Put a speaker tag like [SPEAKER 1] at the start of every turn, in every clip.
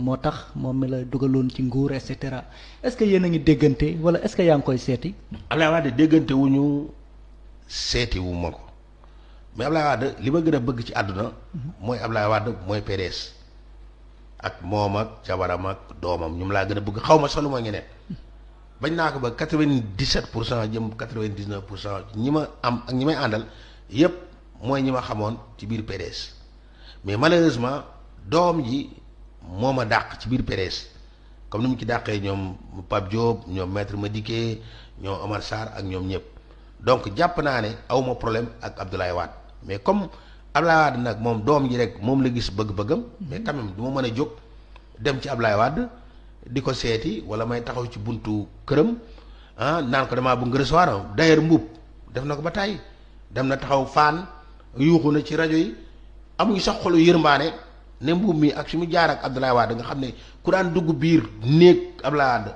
[SPEAKER 1] moo tax moom mi la dugaloon ci nguur et cetera est-ce que yéen a ngi déggante wala est-ce que yaa ngi koy seeti.
[SPEAKER 2] Ablaye Wade déggante wu ñu seeti wu ma ko mais Ablaye Wade li ma gën a bëgg ci àdduna. Mhm. mooy ab Ablaye Wade mooy PDS. ak moom ak jabaram ak doomam ñoom laa gën a bëgg xaw ma solo ma ñeneen bañ naa ko ba quatre vingt dix pour cent jëm quatre vingt dix pour cent ñi ma am ak ñi may àndal yépp mooy ñi ma xamoon ci biir PDS mais malheureusement doom ji moom a dàq ci biir PDS comme ni mu ci dàqee ñoom Pape Diop ñoom ma Madické ñoom Omar Sarr ak ñoom ñëpp donc jàpp naa ne awma problème ak Abdoulaye Wade mais comme Abdoulaye Wade nag moom doom ji rek moom la gis bëgg-bëggam mais quand même mën a jóg dem ci Abdoulaye Wade di ko seeti wala may taxaw ci buntu këram ah naan ko damaa bëgg recevoir d'ailleurs mbub def na ko ba tàyyi dem na taxaw faan yuuxu na ci rajo yi amuñu sax xolu yërmbaane ne mbuub mi ak fi mu jaar ak Abdoulaye Wade nga xam ne ku daan dugg biir néeg Abdoulaye Wade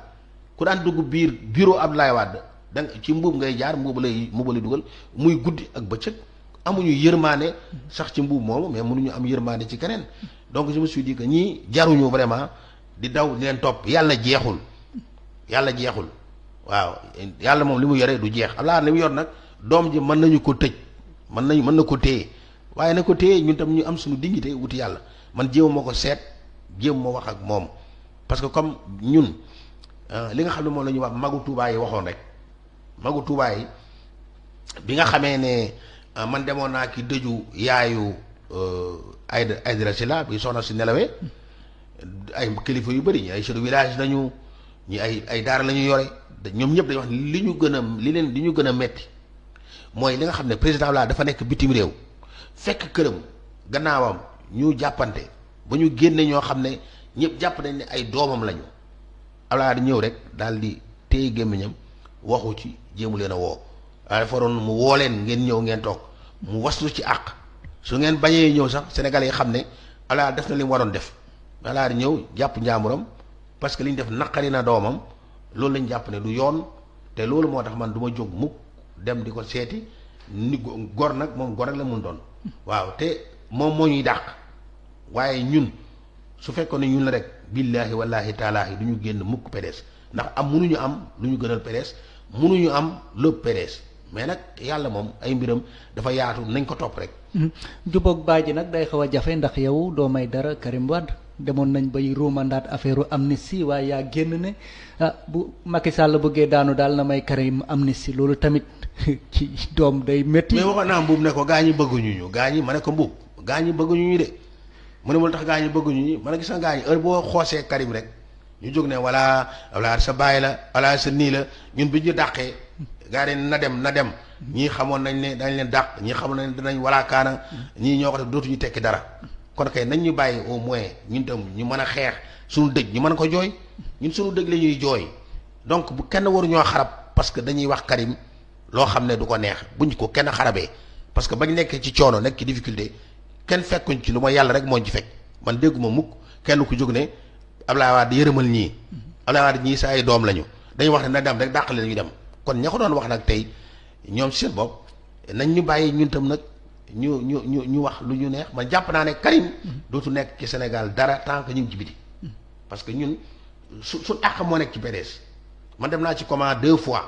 [SPEAKER 2] ku daan dugg biir bureau Abdoulaye Wade da ci mbuub ngay jaar mbuub lay mbuub lay dugal muy guddi ak bëccëg amuñu yërmaane sax ci mbuub moomu mais mënuñu am yërmaane ci keneen donc je me suis dit que jaruñu vraiment di daw leen topp yàlla jeexul yàlla jeexul waaw yàlla moom li mu yore du jeex Abdoulaye Wade li mu yor nag doom ji mën nañu ko tëj mën nañu mën na ko téye waaye na ko téye ñun tam ñu am suñu dignité wuti yàlla man jéem ma ko seet jéem ma wax ak moom parce que comme ñun euh, li nga xam ne moom la ñuy wax magu Tuubaa yi waxoon rek magu Tuubaa bi nga xamee ne euh, man demoon naa ki dëju yaayu Aïda euh, Aïdara Sylla bi soxna si nelawee ay kilifa yu bari ñu ay chef de village lañu ñu ay ay daara la ñu yore ñoom ñëpp dañu wax li ñu gën a li leen li ñu gën a metti mooy li nga xam ne président la dafa nekk bitim réew fekk këram gannaawam ñu jàppante ba ñu génne ñoo xam ne ñëpp jàpp nañ ne ay doomam lañu Abdoulaye Wade ñëw rek daal di téye gémmiñam waxu ci jéemu leen a woo waaye faroon mu woo leen ngeen ñëw ngeen toog mu waslu ci àq su ngeen bañee ñëw sax sénégalais yi xam ne Abdoulaye Wade def na li mu waroon def Abdoulaye Wade ñëw jàpp njaamuram parce que li ñu def naqari na doomam loolu lañ jàpp ne du yoon te loolu moo tax man duma jóg mukk dem di ko seeti ni gor nag moom gor rek la mun doon waaw te moom moo ñuy dàq waaye ñun su fekkoon ne ñun la rek billaahi wallaahi taalaahi du ñu génn mukk PDS ndax am mënuñu am lu ñu gënal PDS mënuñu am lépp PDS mais nag yàlla moom ay mbiram dafa yaatu nañ ko topp rek.
[SPEAKER 1] Mm-hmm. jubboog baa ji nag day xaw a jafe ndax yow doo may dara Karim Wade. demoon nañ bay ruumandaat affaire si waaye yaa génn ne ah bu Macky la bëggee daanu daal na may Karim si loolu tamit ci doom day métti. mais waxoon naa mbuub ne ko gaa ñi bëgguñu
[SPEAKER 2] ñu gaa ñi ma ne ko mbuub gaa ñi bëgguñu ñu mu ne mu tax gaa ñi bëgguñu ñu ma ne gis nga gaa ñi heure boo xoosee Karim rek ñu jóg ne wala wala sa baay la wala sa nii la ñun bi ñu dàqee. gaa yi na dem na dem. ñii xamoon nañ ne dañ leen dàq ñii xamoon nañ ne dinañ walaakaana ñii ñoo ko def dootuñu tekki dara. kon kay nañ ñu bàyyi au moins ñun tam ñu mën a xeex suñu dëj ñu mën ko jooy ñun suñu dëj la ñuy jooy donc bu kenn waruñoo ñoo xarab parce que dañuy wax Karim loo xam ne du ko neex bu buñ ko kenn xarabee parce que bañ nekk ci coono nekk ci difficulté kenn fekkuñ ci lu ma yàlla rek mooñ ci fekk man dégguma mukk kenn ku jóg ne Ablaye di yërëmal ñii Ablaye Wade ñii sa ay doom lañu dañuy wax ne na dem rek dàq leen ñu dem kon ña ko doon wax nag tey ñoom seen bopp nañ bàyyi ñun tam nag ñu ñu ñu ñu wax lu ñu neex ma jàpp naa ne Karim dootu nekk ci Sénégal dara tant que ñu ngi ci biti parce que ñun su su àq moo nekk ci PDS man dem naa ci comment deux fois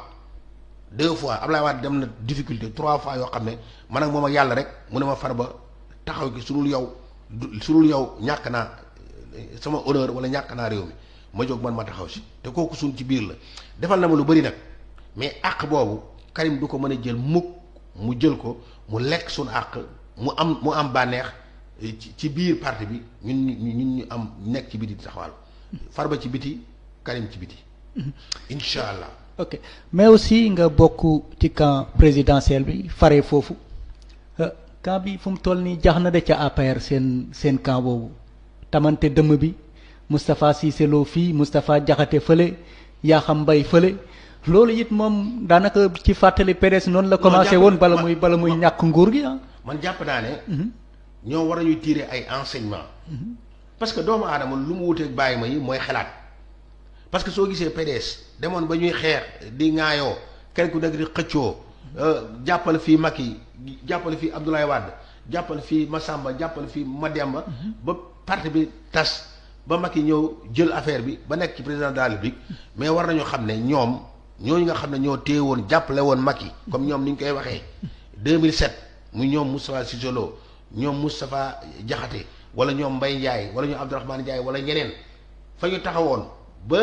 [SPEAKER 2] deux fois Ablaye Wade dem na difficulté trois fois yoo xam ne man ak moom ak yàlla rek mu ne ma far ba taxaw gi su dul yow su dul yow ñàkk naa sama honneur wala ñàkk naa réew mi ma jóg man ma taxaw si te kooku suñ ci biir la defal na ma lu bëri nag mais àq boobu Karim du ko mën a jël mukk mu jël ko mu lekk suñu àq mu am mu am bànneex eh, ci biir parti bi ñun ñu ñu am nekk ci biti di taxawal. Farba ci biti Karim ci biti. incha allah.
[SPEAKER 1] ok mais aussi nga bokk ci camp présidentiel bi fare foofu euh, camp bi fu mu toll nii jax na de ca APR seen seen camp boobu tamante dëmm bi Moustapha Cissé Lo fii Moustapha Diakhaté fële Yakham Mbaye fële. loolu it moom daanaka ci fàttali PDS noonu la commencé woon bala muy bala muy ñàkk nguur gi ah
[SPEAKER 2] man jàpp naa ne mhm. ñoo war a ñuy tirer ay enseignement mhm. parce que doomu aadama lu mu wuteeg bàyyi ma yi mooy xalaat parce que soo gisee PDS demoon ba ñuy xeex di ŋaayoo kenn ku nekk di xëccoo mhm. euh, jàppal fii Macky jàppal fii Abdoulaye Wade jàppal fii Massamba jàppal fii Mademba ba parti bi tas ba Macky ñëw jël affaire bi ba nekk ci président de la mais war nañu xam ne ñoom ñooñu nga xam ne ñoo téye woon jàppale woon Macky comme ñoom ni ñu koy waxee 2007 mu ñoom Moustapha Cissé Lo ñoom Moustapha jaxate wala ñoom mbay njaay wala ñoom Abdourahmane Ndiaye wala ñeneen fa ñu taxawoon ba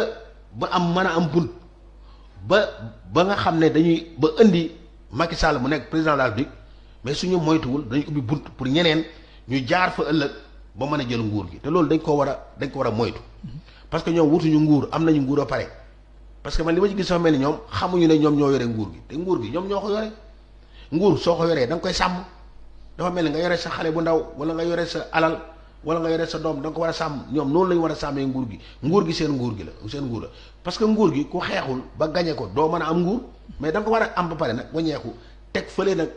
[SPEAKER 2] ba am mën a am bunt ba ba nga xam ne dañuy ba indi Macky Sall mu nekk président de la République mais suñu moytuwul dañu ubbi bunt pour ñeneen ñu jaar fa ëllëg ba mën a jël nguur gi te loolu dañ ko war a dañ ko war moytu parce que ñoom wutuñu nguur am nañu nguur a pare parce que man li ma ci gis sax mel ni ñoom xamuñu ne ñoom ñoo yore nguur gi te nguur gi ñoom ñoo ko yore nguur soo ko yoree da nga koy sàmm dafa mel ni nga yore sa xale bu ndaw wala nga yore sa alal wala nga yore sa doom da nga ko war a sàmm ñoom noonu lañu war a sàmmee nguur gi nguur gi seen nguur gi la seen nguur la parce que nguur gi ku xeexul ba gañe ko doo mën a am nguur mais da ko war a am ba pare nag wañeeku teg fële nag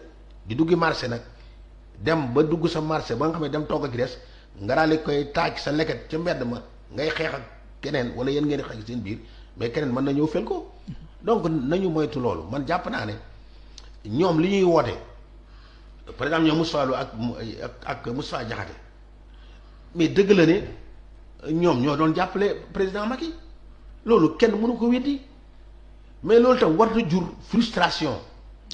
[SPEAKER 2] di duggi marché nag dem ba dugg sa marché ba nga xam ne dem togg ki des nga daal koy taaj sa leket ca mbedd ma ngay xeex keneen wala yéen ngeen di seen biir mais keneen mën na ñëw fel ko donc nañu moytu loolu man jàpp naa ne ñoom li ñuy woote par exemple ñoom Moustapha Lo ak ak Moustapha Diakhaté mais dëgg la ne ñoom ñoo doon jàppale président Macky loolu kenn mënu ko weddi mais loolu tam war na jur frustration.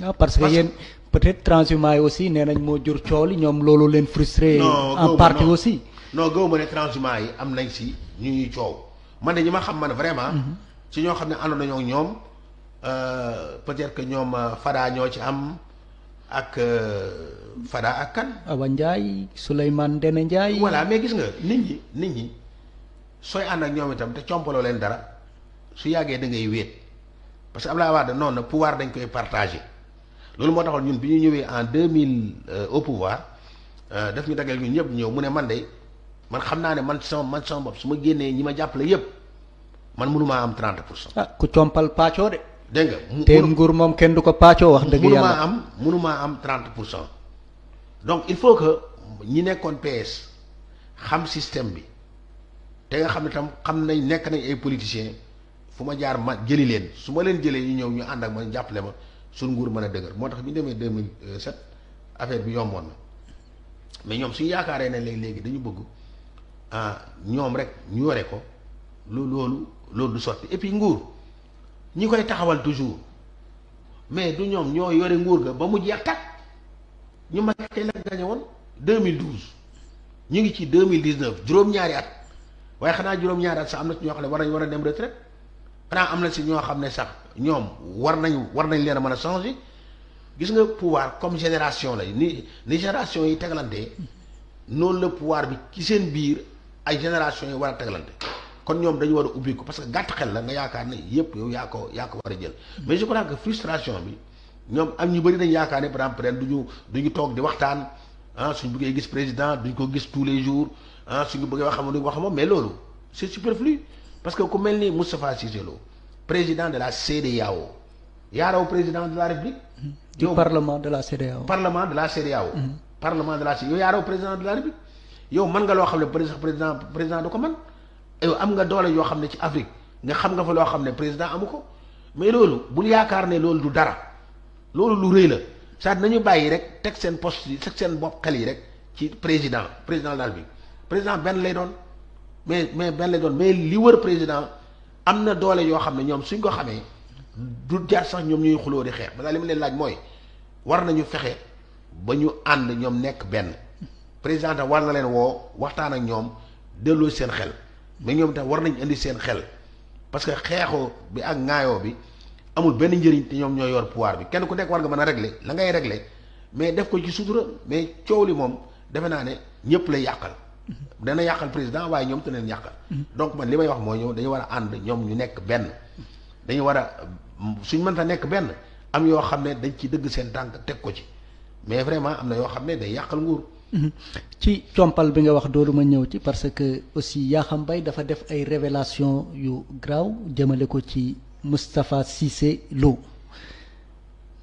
[SPEAKER 1] waaw ah, parce que yéen peut-être transhumance yi aussi nee nañ moo jur coow li ñoom loolu leen frustré. en partie aussi.
[SPEAKER 2] noo gëw ma ne transhumance yi am nañ si ñu ñuy coow man de ñi ma xam man vraiment. Mhm. ci ñoo xam ne àndoon nañoo ñoom euh, peut-être que ñoom euh, Fada ñoo ci am ak euh, Fada ak kan. Awa Ndiaye Souleymane Ndéné Ndiaye. voilà mais gis nga nit ñi nit ñi sooy ànd ak ñoom itam te compaloo leen dara su yàggee da ngay wéet parce que Abdoulaye Wade noonu na pouvoir dañ koy partager loolu moo taxoon ñun bi ñu ñëwee en deux mille au pouvoir def ñu dagal ñun ñëpp ñëw mu ne man de man xam naa ne man sama man sama bopp su ma génnee ñi ma jàppale yëpp. man mënumaa am trente pour cent. ah
[SPEAKER 1] ku compal pàccoo de.
[SPEAKER 2] dégg nga mu te
[SPEAKER 1] nguur moom kenn du ko pàccoo wax dëgg yàlla mënumaa am
[SPEAKER 2] mënumaa am 30 pour cent donc il faut que ñi nekkoon PS xam système bi te nga xam ne tam xam nañ nekk nañ ay politiciens fu ma jaar ma jëli leen su ma leen jëlee ñëw ñu ànd ak ma jàppale ma suñ nguur mën a dëgër moo tax bi ñu demee 2007 affaire bi yomboon na mais ñoom suñu yaakaaree ne léegi léegi dañu bëggu ah ñoom rek ñu ware ko. lu loolu loolu du sotti et nguur ñi koy taxawal toujours mais du ñoom ñoo yore nguur ga ba mu jeex tàkk ñu Macky tey la gañe woon 2012 ñu ngi ci deux mille 2019 juróom-ñaari at waaye xanaa juróom-ñaari at sax am na ñoo xam ne war nañ war a dem retraite xanaa am na si ñoo xam ne sax ñoom war nañu war nañ leen a mën a changer gis nga pouvoir comme génération la ni ni génération yi tegalante noonu la pouvoir bi ci seen biir ay génération yi war a tegalante kon ñoom dañu war a ubbi ko parce que gàtt xel la nga yaakaar ne yëpp yaa ko yaa ko war a jël hmm. mais je crois que frustration bi ñoom am ñu bëri dañ yaakaar ne par exemple ren du ñu toog di waxtaan ah suñ bëggee gis président duñ ko gis tous les jours ah suñu bëggee wax xam duñ ko wax moom mais loolu c'est superflu parce que ku mel ni Moustapha Cissé Lo président de la CEDEAO yaa raw président de la République hmm. du parlement de la CEDEAO parlement de la CEDEAO hmm. parlement de la CEDEAO yow yaa raw président de la loo xam ne président président ko mën yow am nga doole yoo xam ne ci Afrique nga xam nga fa loo xam ne président amu ko mais loolu bul yaakaar ne loolu du dara loolu lu rëy la saa nañu bàyyi rek teg seen post yi teg seen bopp xel yi rek ci président président daal bi président benn lay doon mais mais benn lay doon mais li wër président am na doole yoo xam ne ñoom suñ ko xamee du jaar sax ñoom ñuy xuloo di xeex balaa li ma leen laaj mooy war nañu fexe ba ñu ànd ñoom nekk benn présidente war leen woo waxtaan ak ñoom delloo seen xel. mais ñoom itam war nañ indi seen xel parce que xeexoo bi ak ŋaayoo bi amul benn njëriñ te ñoom ñoo yor pouvoir bi kenn ku nekk war nga mën a régler la ngay régler mais def ko ci sutura mais coow li moom defe naa ne ñëpp lay yàqal. dana yàqal président waaye ñoom te leen yàqal. donc man li may wax mooy ñëw dañu war a ànd ñoom ñu nekk benn. dañu war a suñ mënta nekk benn am yoo xam ne dañ ci dëgg seen tànk teg ko ci mais vraiment am na yoo xam ne day yàqal nguur.
[SPEAKER 1] Mhm. ci compal bi nga wax doolu ma ñëw ci parce que aussi yaa Yakham Mbaye dafa def ay révélation yu graaw jëmale ko ci Moustapha Cissé Lo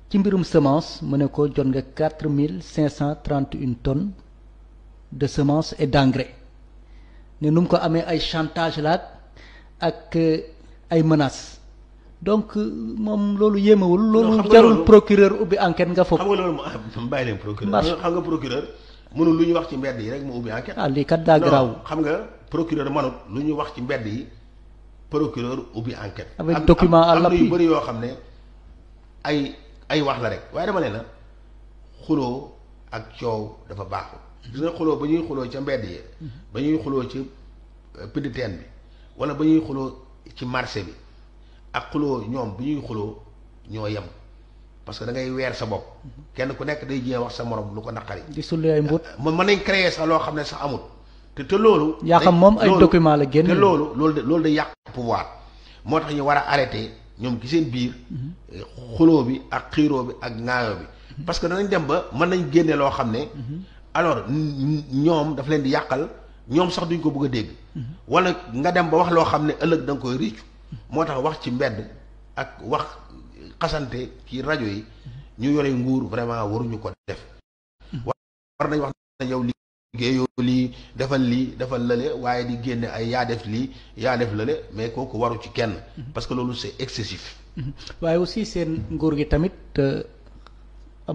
[SPEAKER 1] ci mbirum semence mu ne ko jot nga quatre mille cinq cent trente une tonnes de semence et d'engrais ne nu mu ko amee ay chantage laat ak euh, ay menaces donc euh, moom loolu yéemewul loolu jarul procureur ubbi enquête nga foofu xam nga loolu ah, bàyyi leen procureur
[SPEAKER 2] xam mënul lu ñu wax ci mbedd yi rek mu ubbi enquête.
[SPEAKER 1] ah lii kat daa
[SPEAKER 2] xam nga procureur manut lu ñu wax ci mbedd yi procureur ubbi enquête. avec document à l'appui am yu bëri yoo xam ne ay ay wax la rek waaye dama ne la xuloo ak coow dafa baaxul. gis nga xuloo ba ñuy xuloo ca mbedd yi. ba ñuy xuloo ci euh, pidi bi wala ba ñuy xuloo ci marché bi ak xuloo ñoom bu ñuy xuloo ñoo yem. parce que da weer sa bopp kenn ku nekk day jéem wax sa morom lu ko naqari.
[SPEAKER 1] di sulli ay mbut
[SPEAKER 2] ah, mën nañ créer sax loo xam ne sax amut te te loolu. yaa xam moom ay document la génn. loolu loolu de loolu de yàq pouvoir moo tax ñu war a arrêté ñoom ci biir. Mm-hmm. xuloo bi ak xiiroo bi ak ŋaayoo bi. Mm-hmm. parce que danañ dem ba mën nañ génne loo xam ne. Mm-hmm. alors ñoom daf leen di yàqal ñoom sax duñ ko bugg a dégg. wala nga dem ba wax loo xam ne ëllëg danga nga koy riccu moo tax wax ci mbedd ak wax xasante ci rajo yi ñu yore nguur vraiment waruñu ko def war nañ wax na yow liggéeyoo lii defal lii defal lële waaye di génne ay yaa def lii yaa def lële mais kooku waru ci kenn mm-hmm. parce que loolu c'est excessif
[SPEAKER 1] mm-hmm. waaye aussi seen nguur gi tamit euh,